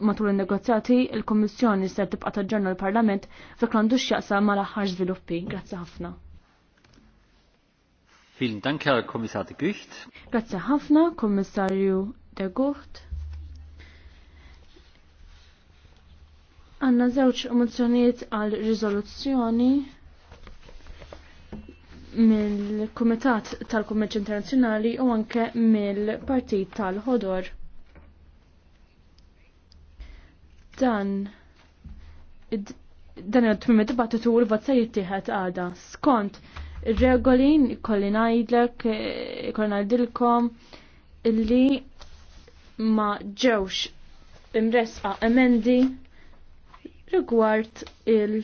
matul il-negozjati, il-Kommissjoni se tibqa' taġġorna l-Parlament f'dak għandu x'jaqsam mal-aħħar żviluppi. Grazzi ħafna. Vielen Dank, Herr Kommissar de Gucht. Grazzi ħafna, Kommissarju de Gucht. Anna żewġ mozzjonijiet għal riżoluzzjoni mill-Kumitat tal-Kummerċ Internazzjonali u anke mill-Partit tal-Ħodor. Dan dan il-tmim dibattitu t l-vot se jittieħed għada. Skont ir-regoli kolli ngħidlek, eh, kolli ngħidilkom li ma ġewx imresqa emendi rigward il-